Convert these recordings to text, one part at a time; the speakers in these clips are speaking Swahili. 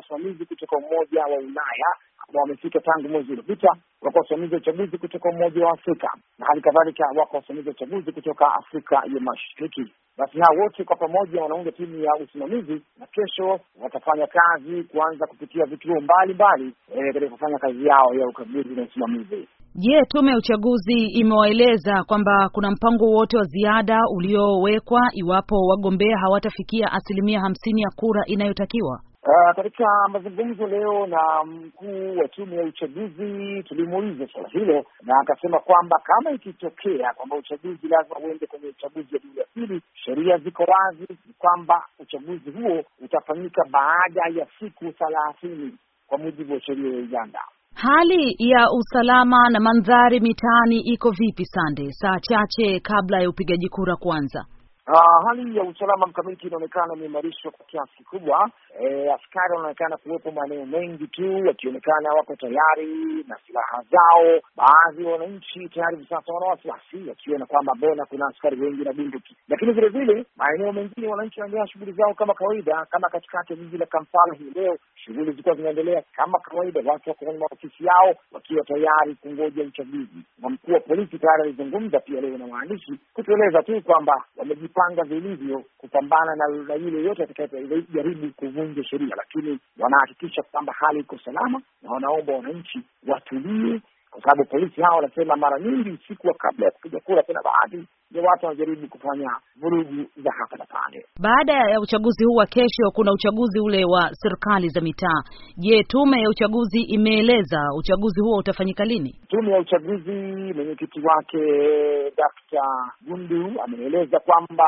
wasimamizi kutoka Umoja wa Ulaya ambao wamefika tangu mwezi uliopita, wako wasimamizi wa uchaguzi kutoka Umoja wa Afrika na hali kadhalika wako wasimamizi wa uchaguzi kutoka Afrika ya Mashariki. Basi hao wote kwa pamoja wanaunda timu ya usimamizi, na kesho watafanya kazi kuanza kupitia vituo mbalimbali eh, katika kufanya kazi yao ya ukaguzi na usimamizi. Je, tume ya uchaguzi imewaeleza kwamba kuna mpango wote wa ziada uliowekwa iwapo wagombea hawatafikia asilimia hamsini ya kura inayotakiwa? Uh, katika mazungumzo leo na mkuu wa tume ya uchaguzi tulimuuliza suala hilo, na akasema kwamba kama ikitokea kwamba uchaguzi lazima uende kwenye uchaguzi wa duru ya pili, sheria ziko wazi kwamba uchaguzi huo utafanyika baada ya siku thelathini kwa mujibu wa sheria ya Uganda. Hali ya usalama na mandhari mitaani iko vipi, Sande, saa chache kabla ya upigaji kura kuanza? Uh, hali ya usalama mkamiti inaonekana imeimarishwa kwa kiasi kikubwa. E, askari wanaonekana kuwepo maeneo mengi tu, wakionekana wako tayari na silaha zao. Baadhi ya wananchi tayari hivi sasa wana wasiwasi, wakiona kwamba mbona kuna askari wengi na bunduki, lakini vile vile maeneo mengine wananchi wanaendelea shughuli zao kama kawaida. Kama katikati ya jiji la Kampala hii leo, shughuli zilikuwa zinaendelea kama kawaida, watu wako kwenye maofisi yao wakiwa tayari kungoja uchaguzi, na mkuu wa polisi tayari alizungumza pia leo na waandishi kutueleza tu kwamba wamejipanga vilivyo kupambana na, na yule yote atakayejaribu kuvunja sheria, lakini wanahakikisha kwamba hali iko salama na wanaomba wananchi watulie kwa sababu polisi hawa wanasema mara nyingi usiku wa kabla ya kupiga kura, kuna baadhi ya watu wanajaribu kufanya vurugu za hapa na pale. Baada ya uchaguzi huu wa kesho, kuna uchaguzi ule wa serikali za mitaa. Je, tume ya uchaguzi imeeleza uchaguzi huo utafanyika lini? Tume ya uchaguzi mwenyekiti wake Dkt. Gundu ameeleza kwamba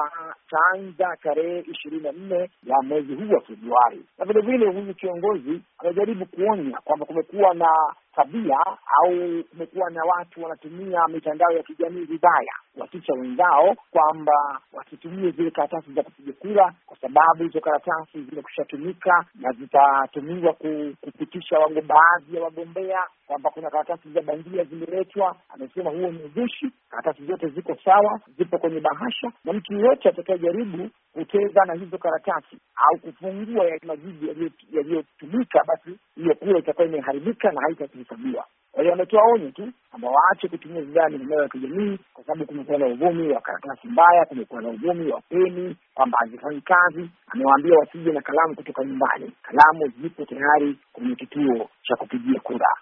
taanza tarehe ishirini na nne ya mwezi huu wa Februari, na vilevile huyu kiongozi amejaribu kuonya kwamba kumekuwa na tabia au kumekuwa na watu wanatumia mitandao ya kijamii vibaya, wakicha wenzao kwamba wasitumie zile karatasi za kupiga kura, kwa sababu hizo karatasi zimekushatumika na zitatumiwa kupitisha wango baadhi ya wagombea, kwamba kuna karatasi za bandia zimeletwa. Amesema huo ni uzushi, karatasi zote ziko sawa, zipo kwenye bahasha, na mtu yeyote atakayejaribu kucheza na hizo karatasi au kufungua ya majiji yaliyotumika, basi hiyo kura itakuwa imeharibika na haita kuhesabiwa. Kwa hiyo ametoa onyo tu kwamba waache kutumia vibaya mitandao ya kijamii, kwa sababu kumekuwa na uvumi wa karatasi mbaya, kumekuwa na uvumi wa peni kwamba hazifanyi kazi. Amewaambia wasije na kalamu kutoka nyumbani, kalamu zipo tayari kwenye kituo cha kupigia kura.